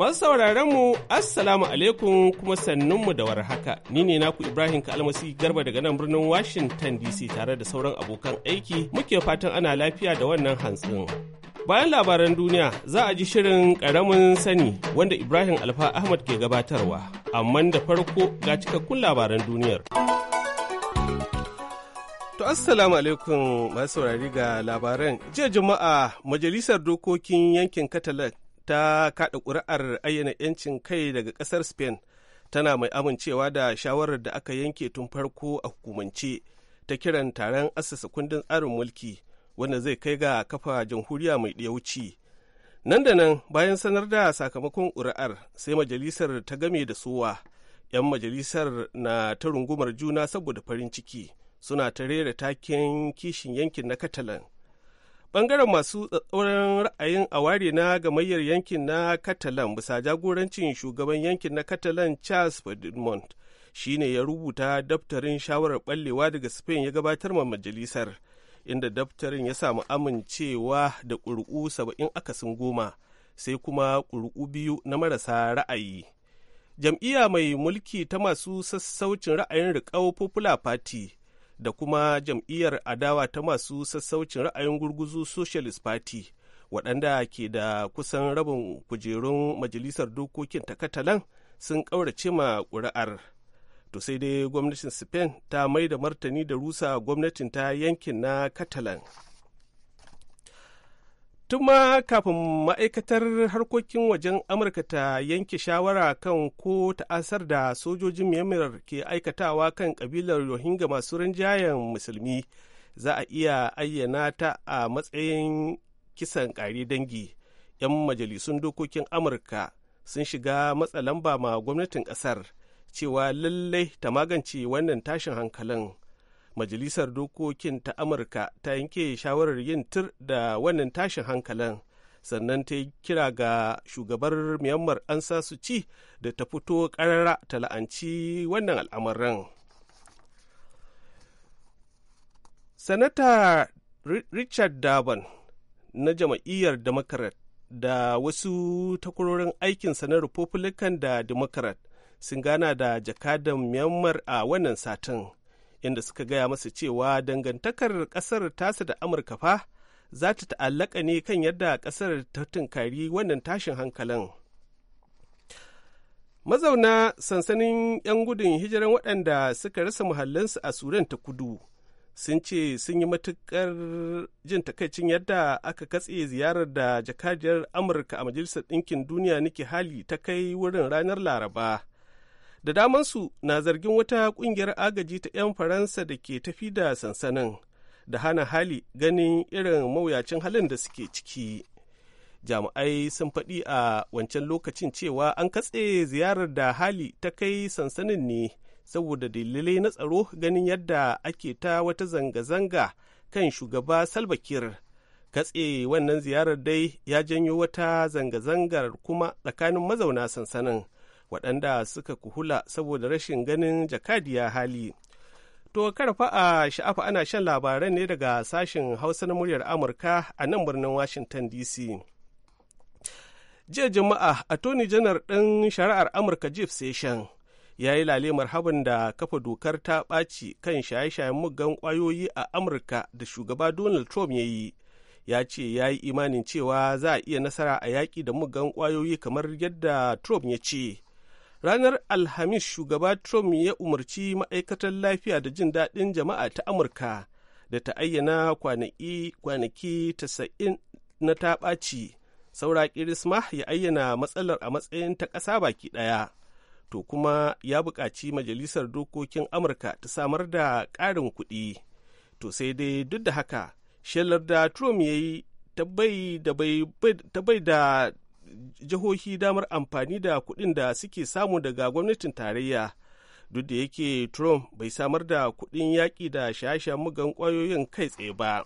Masu sauraron mu Assalamu alaikum kuma mu da warhaka. Ni ne naku Ibrahim Kalmasi Garba daga nan birnin Washington DC tare da sauran abokan aiki muke fatan ana lafiya da wannan hantsin. Bayan labaran duniya za a ji shirin ƙaramin sani wanda Ibrahim Alfa Ahmad ke gabatarwa, amma da farko ga cikakkun labaran duniyar. To assalamu alaikum masu saurari ga labaran. Jiya Juma'a Majalisar Dokokin Yankin Katalan. ta kada ƙuri'ar ayyana 'yancin kai daga ƙasar spain tana mai amincewa da shawarar da aka yanke tun farko a hukumance ta kiran taron asasa kundin tsarin mulki wanda zai kai ga kafa jamhuriya mai ɗaya wuce. nan da nan bayan sanar da sakamakon ƙuri'ar sai majalisar ta game da sowa 'yan majalisar na ta rungumar juna saboda farin ciki suna ta rera takin kishin yankin na catalan Bangaren masu tsatsauran ra'ayin a aware na gamayyar yankin na Catalan bisa jagorancin shugaban yankin na Catalan Charles Ferdinand shi ne ya rubuta daftarin shawarar ɓallewa daga Spain ya gabatar ma majalisar, inda daftarin ya samu amincewa da ƙuri'u saba'in akasin goma, sai kuma ƙuri'u biyu na marasa ra'ayi. Jam'iyya mai mulki ta masu sassaucin ra'ayin riƙau Popular Party da kuma jam'iyyar adawa ta masu sassaucin ra'ayin gurguzu socialist party waɗanda ke da kusan rabin kujerun majalisar dokokin ta katalan sun ƙaurace ma ƙuri'ar to sai dai gwamnatin spain ta mai da martani da rusa gwamnatin ta yankin na katalan tuma kafin ma'aikatar harkokin wajen amurka ta yanke shawara kan ko ta'asar da sojojin myanmar ke aikatawa kan kabilar rohingya masu rinjayen musulmi za a iya ayyana ta a matsayin kisan ƙari dangi 'yan majalisun dokokin amurka sun shiga matsa lamba ma gwamnatin ƙasar cewa lallai ta magance wannan tashin hankalin majalisar dokokin ta amurka ta yanke shawarar yin tir da wannan tashin hankalin sannan ta yi kira ga shugabar myanmar an su ci da ta fito karara ta la'anci wannan al'amarin sanata richard daban na jam'iyyar democrat da wasu takwarorin aikinsa na republican da democrat sun gana da jakadan myanmar a wannan satin inda suka gaya masa cewa dangantakar ƙasar tasa da amurka fa za ta ta'allaka ne kan yadda ƙasar ta tunkari wannan tashin hankalin mazauna sansanin 'yan gudun hijiran waɗanda suka rasa muhallinsu a sudan ta kudu sun ce sun yi matuƙar jin takaicin yadda aka katse ziyarar da jakadiyar amurka a majalisar ɗinkin duniya niki hali ta kai wurin ranar laraba da damansu na zargin wata kungiyar agaji ta 'yan faransa da ke tafi da sansanin da hana hali ganin irin mawuyacin halin da suke ciki jami'ai sun faɗi a wancan lokacin cewa an katse ziyarar da hali ta kai sansanin ne saboda dalilai na tsaro ganin yadda ake ta wata zanga-zanga kan shugaba salbakir katse wannan ziyarar dai ya janyo wata zanga-zangar kuma tsakanin mazauna sansanin waɗanda suka kuhula saboda rashin ganin jakadiya hali to karfa a sha'afa ana shan labaran ne daga sashen hausa na muryar amurka a nan birnin washington dc jiya juma'a attorney janar ɗin shari'ar amurka jeff session ya yi lalemar habin da kafa dokar ta ɓaci kan shaye-shayen muggan ƙwayoyi a amurka da shugaba donald trump ya yi ya ce ya yi imanin cewa za a iya nasara a yaƙi da muggan ƙwayoyi kamar yadda trump ya ce ranar alhamis shugaba trump ya umarci ma'aikatar lafiya da jin daɗin jama'a ta amurka da ta ayyana kwanaki tasa'in na taɓaci saura kirisma ya ayyana matsalar a matsayin ta ƙasa baki ɗaya to kuma ya buƙaci majalisar dokokin amurka ta samar da ƙarin kuɗi to sai dai duk da haka shelar da trump ya yi ta bai da jihohi damar amfani da kuɗin da suke samu daga gwamnatin tarayya duk da yake trump bai samar da kuɗin yaƙi da shasha mugan ƙwayoyin kai tsaye ba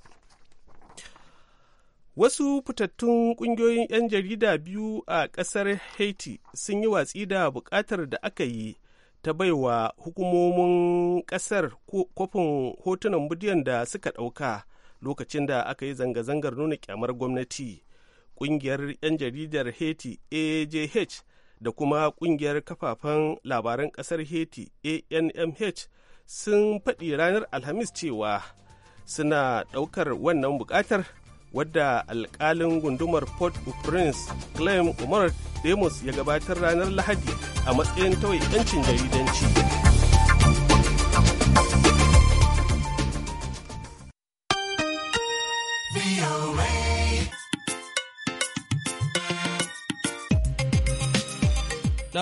wasu fitattun ƙungiyoyin 'yan jarida biyu a ƙasar haiti sun yi watsi da buƙatar da aka yi ta baiwa hukumomin ƙasar kofin hotunan bidiyon da suka ɗauka lokacin da aka yi zanga-zangar nuna kyamar gwamnati ƙungiyar 'yan jaridar haiti ajh da kuma ƙungiyar kafafen labaran ƙasar haiti anmh sun faɗi ranar alhamis cewa suna ɗaukar wannan buƙatar wadda alƙalin gundumar port au prince claim umar demos ya gabatar ranar lahadi a matsayin tawai 'yancin jaridanci.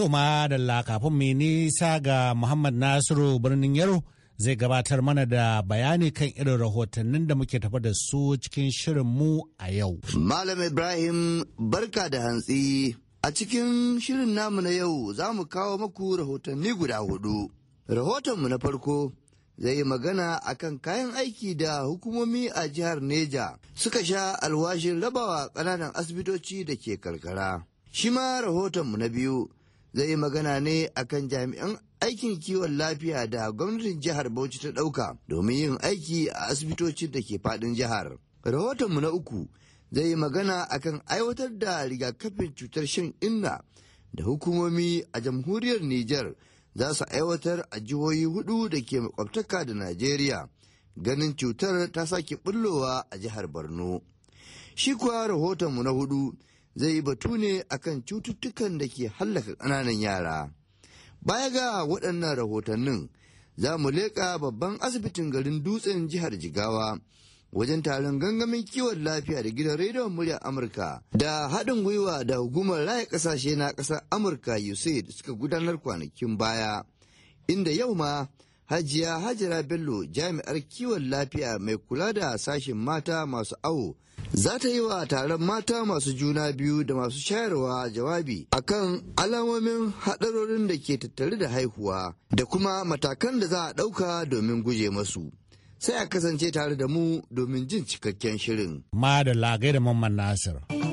To ma da kafin mai nisa ga Muhammad Nasiru birnin Yaro zai gabatar mana da bayani kan irin rahotannin da muke tafa da su cikin shirin mu a yau. Malam Ibrahim barka da hantsi. A cikin shirin namu na yau za mu kawo maku rahotanni guda hudu. Rahotonmu na farko zai yi magana akan kayan aiki da hukumomi a jihar Neja suka sha alwashin rabawa ƙananan asibitoci da ke karkara. shima ma rahotonmu na biyu zai yi magana ne akan jami'an aikin kiwon lafiya da gwamnatin jihar Bauchi ta ɗauka domin yin aiki a asibitocin da ke faɗin jihar. Rahotonmu na uku zai yi magana akan aiwatar da rigakafin cutar shan inna da hukumomi a jamhuriyar Nijar za su aiwatar a jihohi hudu da ke makwabtaka da Najeriya ganin cutar ta sake bullowa a jihar Borno. Shi kuwa rahotonmu na hudu zai yi batu ne akan cututtukan da ke hallaka ƙananan yara. Baya ga waɗannan rahotannin za mu leƙa babban asibitin garin dutsen jihar Jigawa wajen taron gangamin kiwon lafiya da gidan rediyon murya Amurka da haɗin gwiwa da hukumar raya ƙasashe na ƙasar Amurka USAID suka gudanar kwanakin baya inda yau ma Hajiya Hajira Bello jami'ar kiwon lafiya mai kula da sashen mata masu awo za ta yi wa taron mata masu juna biyu da masu shayarwa jawabi akan alamomin haɗarorin da ke tattare da haihuwa da kuma matakan da za a ɗauka domin guje masu. Sai a kasance tare da mu domin jin cikakken shirin. Ma da lagai da Mamman Nasir.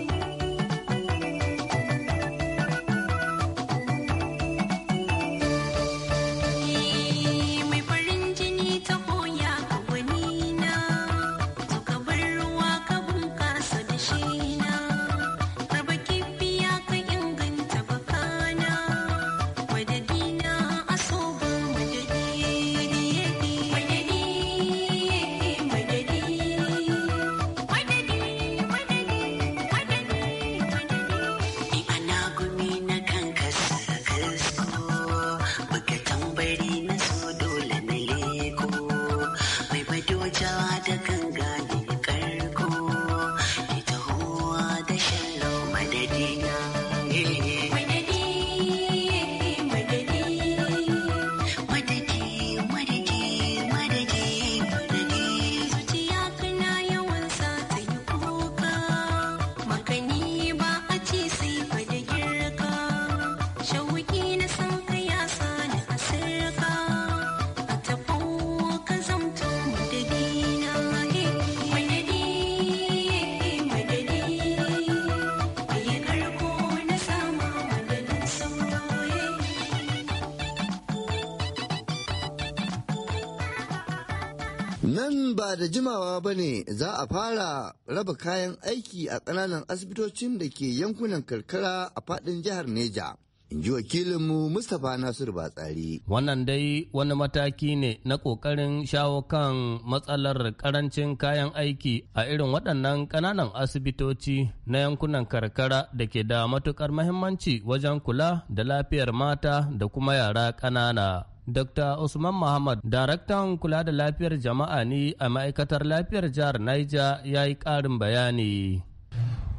ba da jimawa ba ne za a fara raba kayan aiki a ƙananan asibitocin da ke yankunan karkara a faɗin jihar Neja. In ji wakilinmu Mustapha Nasiru Batsari. Wannan dai wani mataki ne na ƙoƙarin shawo kan matsalar ƙarancin kayan aiki a irin waɗannan ƙananan asibitoci na yankunan karkara da ke da matuƙar mahimmanci wajen kula da lafiyar mata da kuma yara ƙanana. Dr. Usman Muhammad, daraktan kula da lafiyar jama'a ne a ma'aikatar lafiyar jihar Niger ya yi ƙarin bayani.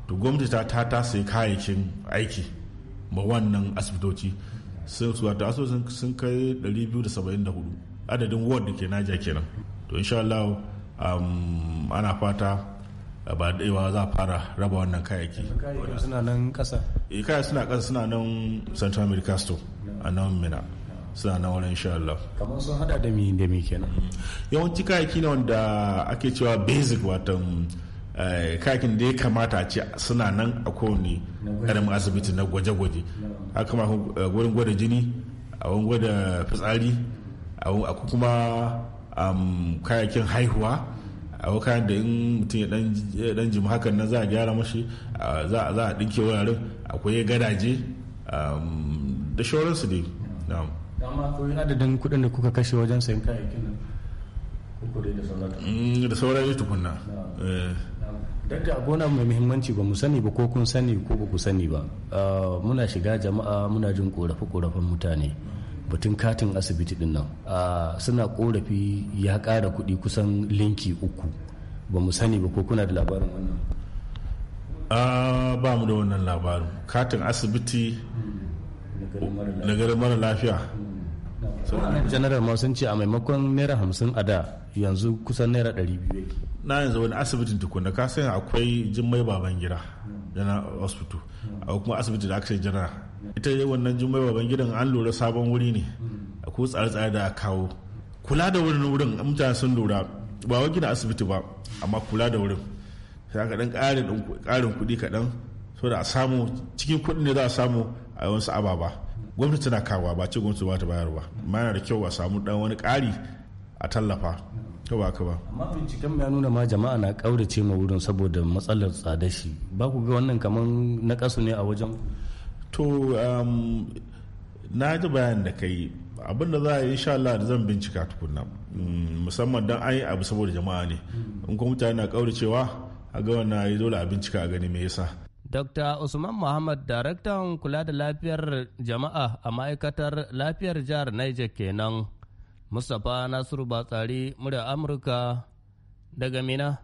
To gwamnati ta ta ta sai kayayyakin aiki ma wannan asibitoci sun su wata asibitocin sun kai 274 adadin ward da ke Niger kenan. To insha Allah um, ana fata ba daewa za a fara raba wannan kayayyaki. Kayayyaki suna nan ƙasa? Eh kayayyaki suna ƙasa suna nan Central America Store a nan Mina. suna na wurin insha Allah kamar sun hada da mi da mi kenan yawanci kayaki ne wanda ake cewa basic watan eh, kayakin da ya kamata a ce suna nan a kowane karamin asibiti na gwaje-gwaje haka ma eh, wurin gwada jini a wurin gwada fitsari a kuma kayakin haihuwa a wuka da in mutum ya dan jima hakan nan za a gyara mashi za a dinke wuraren akwai gadaje da shawararsu dai amma akwai adadin kuɗin da kuka kashe wajen sayan kayayyakin nan uku da sauran mm, da sauran tukunna eh. dakta abu na mai muhimmanci ba mu sani ba ko kun sani ko ba ku sani ba ah, muna shiga jama'a muna jin korafe korafen mutane batun katin asibiti din nan ah, suna korafi ya kara kuɗi kusan linki uku ba mu sani ba ko kuna da labarin wannan ah, ba mu da wannan labarin katin asibiti hmm. na garin mara lafiya janaral ma sun ce a maimakon naira hamsin a da yanzu kusan naira ɗari biyu na yanzu wani asibitin tukuna ka san akwai jimmai baban gida yana hospital a kuma asibiti da aka ce jana ita wannan jimmai baban gidan an lura sabon wuri ne akwai tsare-tsare da kawo kula da wurin wurin mutane sun lura ba wa gina asibiti ba amma kula da wurin sai aka dan ƙarin kuɗi kaɗan so da a samu cikin kuɗin ne za a samu a wasu ababa gwamnati tana kawa ba ce gwamnati ba ta bayar ba amma yana da kyau a samu dan wani ƙari a tallafa ta ba ka ba amma binciken ya nuna ma jama'a na kaurace ma wurin saboda matsalar tsada shi ba ku ga wannan kaman na kasu ne a wajen to um, na ji bayan da kai abin da za a yi insha Allah da zan bincika tukunna mm, musamman dan an yi abu saboda jama'a ne in kuma mutane na kauracewa a ga wannan yi dole a bincika a gani me yasa Dr. Usman Muhammad daraktan kula da lafiyar jama'a a ma'aikatar lafiyar jihar Niger kenan. Mustapha Nasiru Batsari murya Amurka daga Mina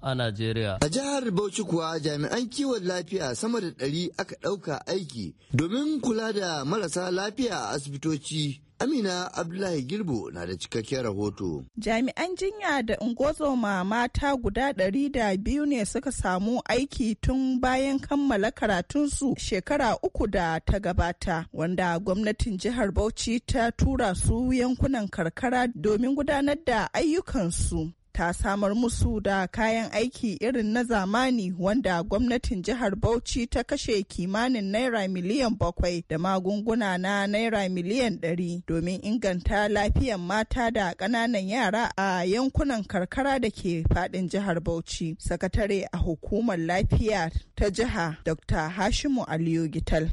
a Najeriya. A jihar Bauchi kuwa jami'an kiwon lafiya sama da ɗari aka ɗauka aiki domin kula da marasa lafiya a asibitoci Amina Abdullahi Girbo na da cikakken rahoto. Jami'an jinya da ungozoma mata guda ɗari da biyu ne suka samu aiki tun bayan kammala karatunsu shekara uku da ta gabata, wanda gwamnatin jihar Bauchi ta tura su yankunan karkara domin gudanar da ayyukansu. ta samar musu da kayan aiki irin na zamani wanda gwamnatin jihar Bauchi ta kashe kimanin naira miliyan bakwai da magunguna na naira miliyan ɗari domin inganta lafiyan mata da ƙananan yara a yankunan karkara da ke faɗin jihar Bauchi. Sakatare a hukumar lafiya ta jiha Dr. Hashimu Aliyu Gital.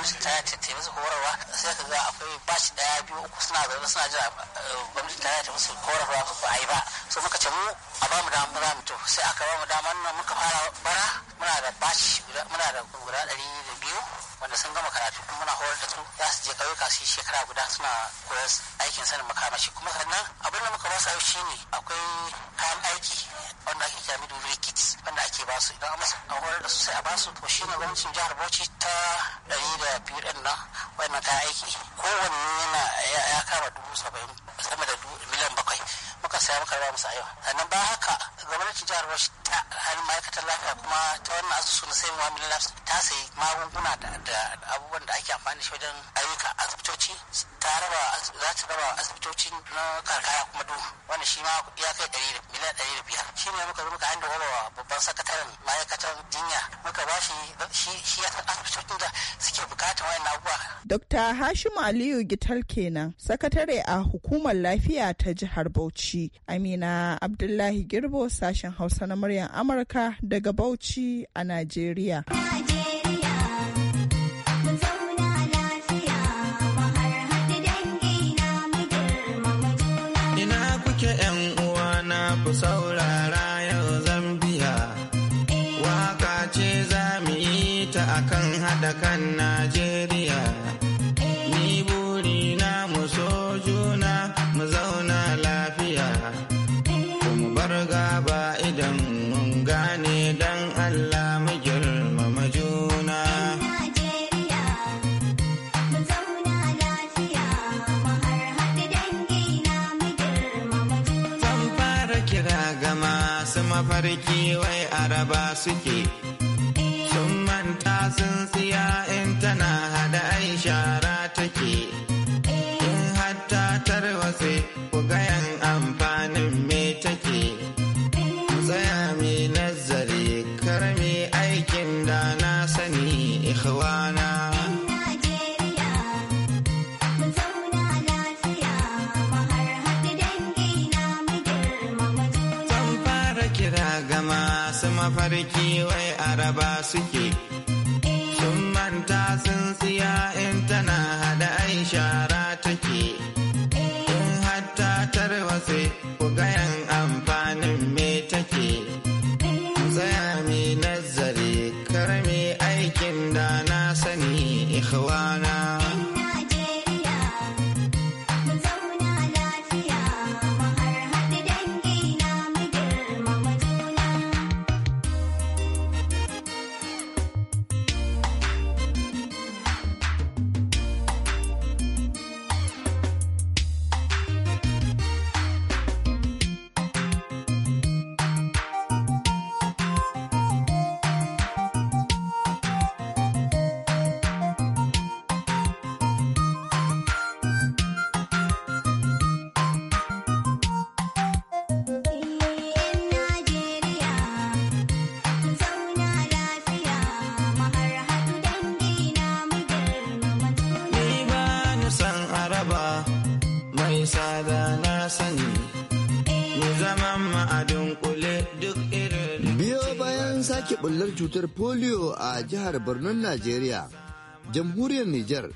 gwamnati ta yi ta musu horarwa sai ka ga akwai bashi daya biyu uku suna zaune suna jira eh, gwamnati ta ta musu horarwa ba a yi ba so muka ce mu a ba mu dama za mu to sai aka ba mu dama nan muka fara bara muna da bashi muna da guda ɗari da biyu wanda sun gama karatu kuma muna horar da su za su je ƙauyuka su yi shekara guda suna koyar aikin sanin makamashi kuma sannan abin da muka ba su shine akwai kayan aiki wanda ake kira midwifery kits wanda ake ba su idan an horar da su sai a ba su to shi ne gwamnatin jihar Bauchi ta ɗari da biyu ɗin nan wanda ta aiki kowanne yana ya kama dubu saba'in sama da miliyan bakwai muka saya muka ba musu a yau sannan ba haka gwamnatin jihar wasu ta halin ma'aikatar lafiya kuma ta wannan asusu na sayan wamil ta sayi magunguna da abubuwan da ake amfani da shi wajen ayyuka asibitoci ta raba za ta raba asibitoci na karkara kuma duk wanda shi ma ya kai ɗari miliyan ɗari da biyar shi ne muka zo muka handa wa babban sakataren ma'aikatar jinya muka ba shi shi ya san asibitocin da suke bukatar wayan abubuwa. Dokta Hashimu Aliyu Gital kenan sakatare a hukumar lafiya ta jihar Bauchi Amina Abdullahi Girbo sashen Hausa na muryar Amurka daga Bauchi a Najeriya. amarya in tana hada ai shara take in hatta tarwatse ku gayan amfanin me take tsaya mai nazari kar mai aikin da na sani ikhwana mafarki wai araba suke kan cutar polio a jihar Borno Najeriya, jamhuriyar Nijar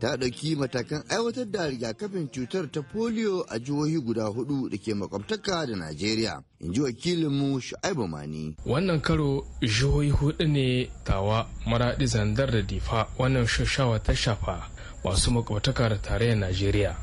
ta ɗauki matakan aiwatar da rigakafin cutar ta polio a jihohi guda hudu da ke makwabtaka da Najeriya. In ji wakilinmu Shu'aibu Mani. Wannan karo jihohi hudu ne tawa maradi zandar da difa wannan shashawa ta shafa masu makwabtaka da tarayyar Najeriya.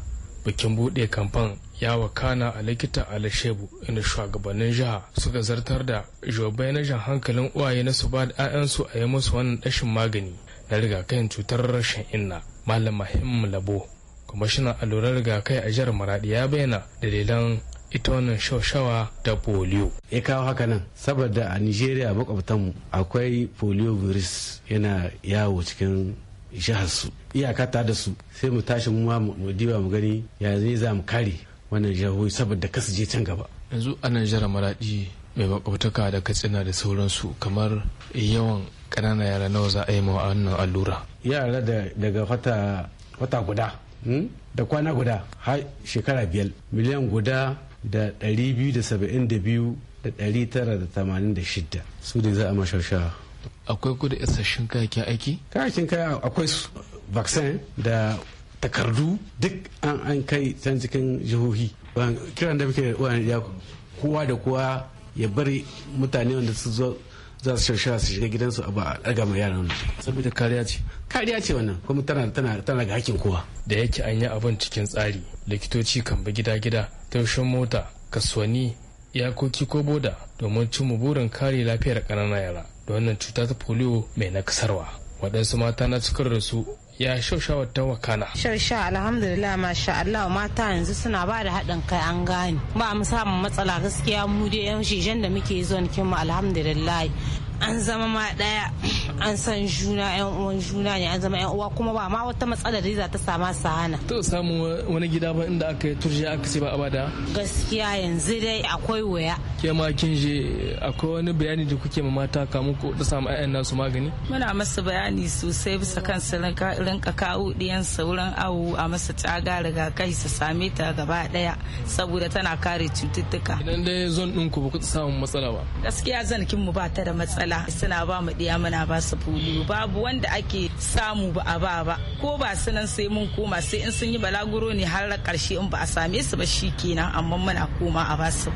Bikin buɗe kamfan ya wakana a likita alashebu inda shugabannin jiha suka zartar da jobai na jan hankalin uwaye na su ba da 'ya'yansu a yi musu wannan dashin magani na rigakafin cutar rashin inna malam mahim labo kwamishinan allurar rigakafi a jihar maradi ya bayyana dalilan ita wannan shawshawa da polio. ya kawo haka nan saboda a nigeria makwabtanmu akwai polio virus yana yawo cikin jihar su iyaka ta da su sai mu tashi mu diba mu gani ya zai za mu kare wannan jihohi saboda kasu je can gaba yanzu nan jihar maraɗi mai makwabtaka da katsina da sauransu kamar yawan ƙananan yara nawa za a yi ma wannan allura yara daga wata guda hmm? da kwana guda har shekara biyar miliyan guda da ɗari biyu da saba'in da biyu da ɗari tara da tamanin da shida. su ne za a mashausha akwai kuda isasshen kayakin aiki kayakin kaya akwai vaccine da takardu duk an kai can cikin jihohi kiran da muke ya kowa da kowa ya bari mutane wanda su zo za su shirya su shiga gidansu a ba a yaran saboda kariya ce kariya ce wannan kuma tana tana tana ga hakkin kowa da yake an yi abin cikin tsari likitoci kan bi gida gida taushen mota kasuwanni iyakoki ko boda domin cimma burin kare lafiyar ƙananan yara da wannan cuta ta polio mai nakasarwa waɗansu mata na cikar da su ya shaushawa ta wakana shausha alhamdulillah masha Allah mata yanzu suna ba da haɗin kai an gane ba mu samun matsala gaskiya mu dai yan shijen da muke zuwa kin mu alhamdulillah an zama ma daya an san juna yan uwan juna ne an zama yan uwa kuma ba ma wata matsalar da ta sama su hana to samu wani gida ba inda aka turje aka ce ba abada gaskiya yanzu dai akwai waya ke ma kin je akwai wani bayani da kuke ma mata kamun ko da samu ayyan nasu magani muna masa bayani sosai bisa kan su rinka kawo diyan sauran awo a masa tsaga kai su same ta gaba daya saboda tana kare cututtuka idan dai zon ɗinku ba ku samu matsala ba gaskiya zan kin mu ba ta da matsala wahala suna ba mu ɗiya muna ba su polio babu wanda ake samu ba a ba ba ko ba sunan sai mun koma sai in sun yi balaguro ne har karshe in ba a same su ba shi kenan amma muna koma a ba su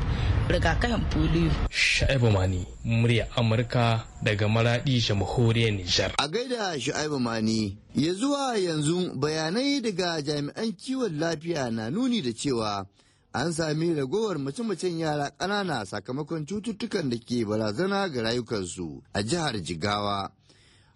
rigakafin polio. Sha'ibu Mani murya Amurka daga Maraɗi jamhuriyar Nijar. A gaida Sha'ibu Mani ya zuwa yanzu bayanai daga jami'an kiwon lafiya na nuni da cewa an sami ragowar mace-macen yara ƙanana sakamakon cututtukan da ke barazana ga rayukansu a jihar Jigawa.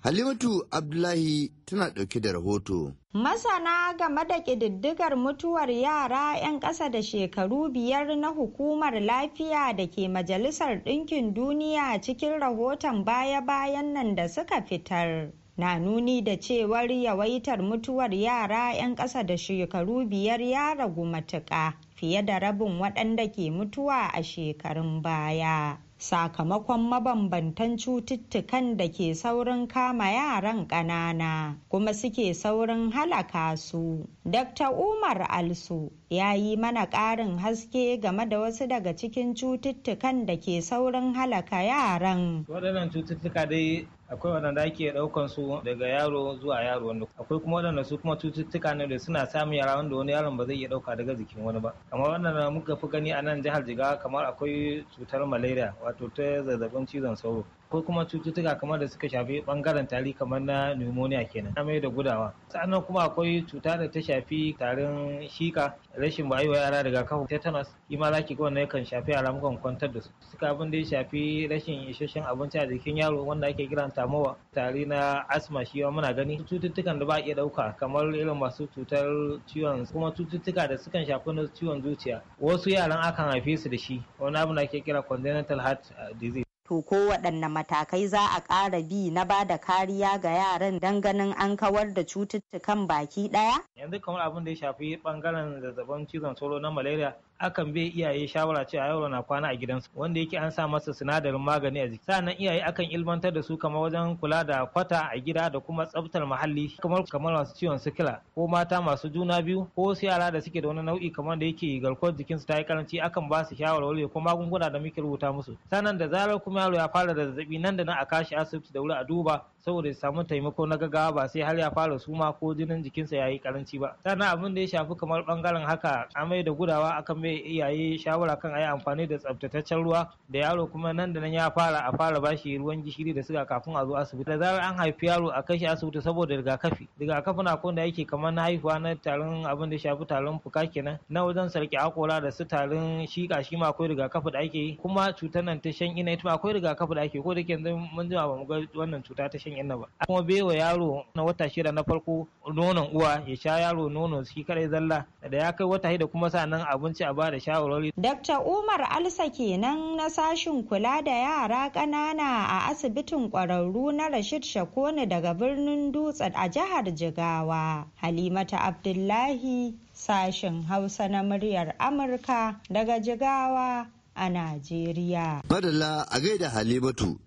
Halimatu Abdullahi tana ɗauke da rahoto. Masana game da ƙididdigar mutuwar yara 'yan ƙasa da shekaru biyar na hukumar lafiya da ke Majalisar Ɗinkin Duniya cikin rahoton baya-bayan nan da suka fitar. na nuni da cewar yawaitar mutuwar yara 'yan ƙasa da shekaru biyar ya ragu matuƙa fiye da rabin waɗanda ke mutuwa a shekarun baya. sakamakon mabambantan cututtukan da ke saurin kama yaran ƙanana kuma suke saurin halaka su. Dr. Umar Alsu ya yi mana ƙarin haske game da wasu daga cikin cututtukan da ke saurin halaka yaran. Waɗannan cututtuka dai akwai waɗanda ake ɗaukan su daga yaro zuwa yaro wanda akwai kuma waɗanda su kuma cututtuka ne da suna samun yara wanda wani yaron ba zai iya ɗauka daga jikin wani ba kamar waɗanda muka fi gani a nan jihar jigawa kamar akwai cutar malaria wato ta zazzabin cizon sauro ko kuma cututtuka kamar da suka shafi bangaren tari kamar na pneumonia kenan mai da gudawa sannan kuma akwai cuta da ta shafi tarin shika rashin bayuwa yara daga kafin tetanus shi ma zaki ga wannan shafi yara mukan kwantar da su suka abin da ya shafi rashin isasshen abinci a jikin yaro wanda ake kiran tamowa tari na asma shi ma muna gani cututtukan da ba a iya dauka kamar irin masu cutar ciwon kuma cututtuka da sukan shafi na ciwon zuciya wasu yaran akan haife su da shi wani abu da ake kira congenital heart eh, disease to ko waɗanne matakai za a ƙara bi na ba da kariya ga yaran don ganin an kawar da cututtukan baki ɗaya? Yanzu kamar abin da ya shafi ɓangaren zazzabin cizon sauro na malaria akan bai iyaye shawara cewa yaro na kwana a gidansu wanda yake an sa masa sinadarin magani a jiki sannan iyaye akan ilmantar da su kamar wajen kula da kwata a gida da kuma tsaftar muhalli kamar kamar masu ciwon sikila ko mata masu juna biyu ko wasu yara da suke da wani nau'i kamar da yake garkuwar jikinsu ta yi karanci akan ba su shawarwari ko magunguna da muke rubuta musu sannan da zarar kuma yaro ya fara da zazzabi nan da nan a kashi asibiti da wuri a duba saboda ya samu taimako na gaggawa ba sai har ya fara suma ko jinin jikinsa ya yi karanci ba sannan abin da ya shafi kamar bangaren haka amai da gudawa akan mai iyaye shawara kan a yi amfani da tsabtataccen ruwa da yaro kuma nan da nan ya fara a fara bashi ruwan gishiri da suga kafin a zo asibiti da zarar an haifi yaro a kai shi asibiti saboda rigakafi rigakafi na kun da yake kamar na haihuwa na tarin abin da shafi tarin fuka kenan na wajen sarki akora da su tarin shika shi ma akwai rigakafi da ake yi kuma cutar nan ta shan ina ita akwai rigakafi da ake ko da ke yanzu mun jima ba mu ga wannan cuta ta shan inaba kuma baiwa yaro na wata shida na farko nonon uwa ya sha yaro nono shi kadai zalla da ya kai wata shida kuma sanan abinci a bada shawarwari Dr. Umar Alsa kenan na sashin kula da yara ƙanana a asibitin ƙwararru na Rashid Shakone daga birnin Dutse a jihar Jigawa Halimata Abdullahi sashin Hausa na muryar Amurka daga Jigawa a Najeriya. Badala a gaida Halimatu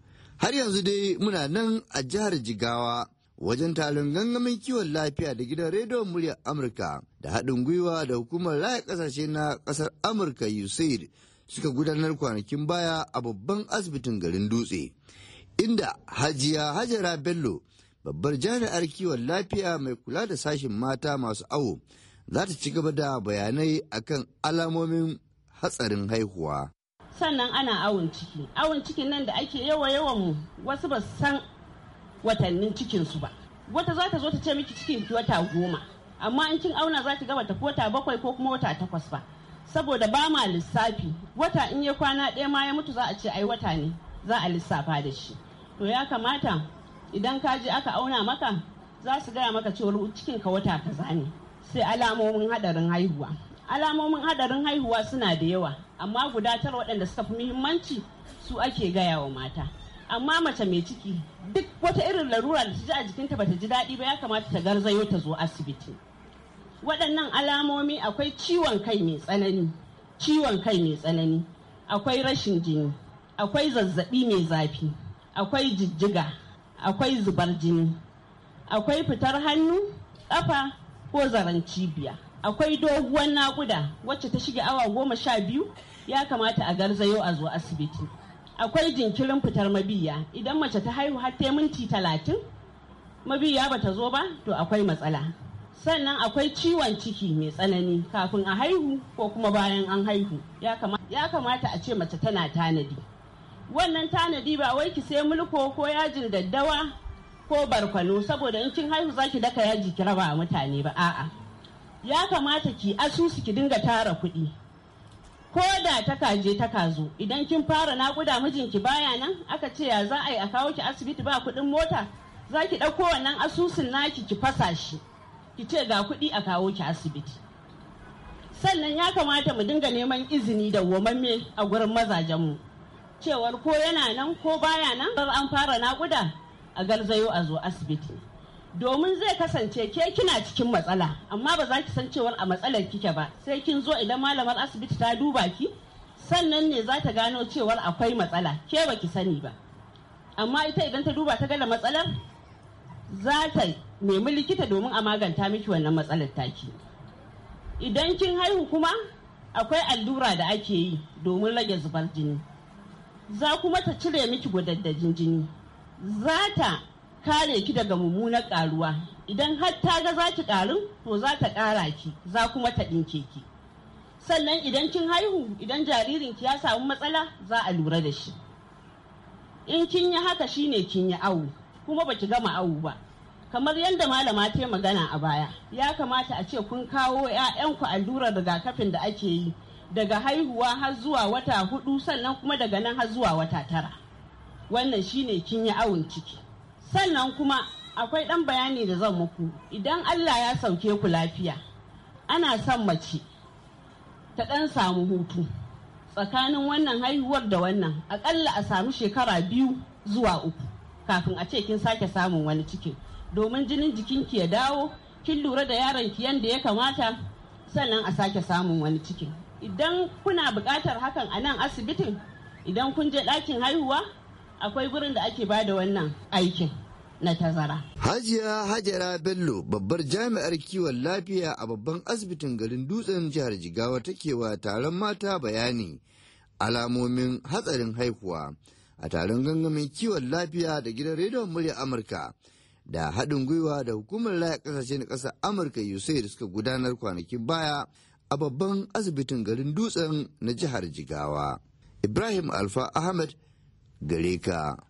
Har yanzu dai muna nan a jihar Jigawa wajen taron gangamin kiwon lafiya da gidan rediyon muryar Amurka da haɗin gwiwa da hukumar raya ƙasashe na ƙasar Amurka USAID suka gudanar kwanakin baya a babban asibitin garin Dutse. Inda Hajiya Hajara Bello babbar jami'ar kiwon lafiya mai kula da sashen mata masu awo za ta ci gaba da bayanai akan alamomin hatsarin haihuwa. sannan ana awon ciki awon cikin nan da ake yawa yawan mu wasu ba san watannin cikin su ba wata za ta zo ta ce miki cikin wata goma amma in kin auna za ki gaba ta wata bakwai ko kuma wata takwas ba saboda ba ma lissafi wata in ya kwana ɗaya ma ya mutu za a ce ai wata ne za a lissafa da shi to ya kamata idan ka je aka auna maka za su gaya maka cewar cikin ka wata kaza ne sai alamomin hadarin haihuwa alamomin hadarin haihuwa suna da yawa amma guda tara waɗanda suka fi muhimmanci su ake gaya wa mata amma mace mai ciki duk wata irin larura da ta ji a jikinta bata ji daɗi ba ya kamata ta garzayo ta zo asibiti waɗannan alamomi akwai ciwon kai mai tsanani ciwon kai mai tsanani akwai rashin jini akwai zazzaɓi mai zafi akwai jijjiga akwai zubar jini akwai fitar hannu ƙafa ko zaren cibiya akwai doguwar naƙuda wacce ta shige awa goma sha biyu ya kamata a garzayo a zo asibiti akwai jinkirin fitar mabiya idan mace ta haihu har minti talatin mabiya ba ta zo ba to akwai matsala sannan akwai ciwon ciki mai tsanani kafin a haihu ko kuma bayan an haihu ya kamata a ce mace tana tanadi wannan tanadi ba wai ki sai mulko ko yajin daddawa ko barkwano saboda in kin haihu zaki daka yaji ki raba mutane ba a'a ya kamata ki asusu ki dinga tara kuɗi ko da ta kaje ta zo, idan kin fara naƙuda mijinki baya nan aka ce ya za a yi a kawo ki asibiti ba kuɗin mota za ki ɗauko wannan asusun naki ki fasa shi ki ce ga kuɗi a kawo ki asibiti sannan ya kamata mu dinga neman izini da wamamme a gurin mazajenmu cewar ko yana nan ko baya nan an fara naƙuda a garzayo a zo asibiti domin zai kasance ke kina cikin matsala amma ba za ki san cewar a matsalar kike ba sai kin zo idan malamar asibiti ta duba ki sannan ne za ta gano cewar akwai matsala ke ba ki sani ba amma ita idan ta duba ta gada matsalar za ta nemi likita domin a maganta miki wannan matsalar taki idan kin haihu kuma akwai allura da ake yi domin rage zubar jini za kuma ta cire miki gudaddajin jini za kare ki daga mummunar karuwa idan har ta ga za ki karu to za ta kara ki za kuma ta ɗinke ki sannan idan kin haihu idan jaririn ki ya samu matsala za a lura da shi in kin yi haka shine kin yi awu kuma baki gama awu ba kamar yadda malama ta magana a baya ya kamata a ce kun kawo ku allurar rigakafin da ake yi daga haihuwa har zuwa wata hudu sannan kuma daga nan har zuwa wata tara wannan shine kin yi awon ciki sannan kuma akwai ɗan bayani da zan muku idan allah ya sauke ku lafiya ana son mace ta ɗan samu hutu tsakanin wannan haihuwar da wannan aƙalla a samu shekara biyu zuwa uku kafin a ce kin sake samun wani cikin domin jinin jikinki ya dawo kin lura da yaron ki yanda ya kamata sannan a sake samun wani cikin idan kuna buƙatar hakan a nan asibitin idan kun je ɗakin haihuwa akwai gurin da ake bada wannan aikin na tazara. Hajiya Hajara Bello babbar jami'ar kiwon lafiya a babban asibitin garin dutsen jihar Jigawa take wa taron mata bayani alamomin hatsarin haihuwa a taron gangamin kiwon lafiya da gidan rediyon murya Amurka da haɗin gwiwa da hukumar laya ƙasashe na ƙasar Amurka da suka gudanar kwanakin baya a babban asibitin garin dutsen na jihar Jigawa. Ibrahim Alfa Ahmed Gareka.